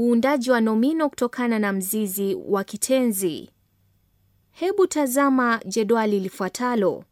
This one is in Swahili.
uundaji wa nomino kutokana na mzizi wa kitenzi. Hebu tazama jedwali lifuatalo.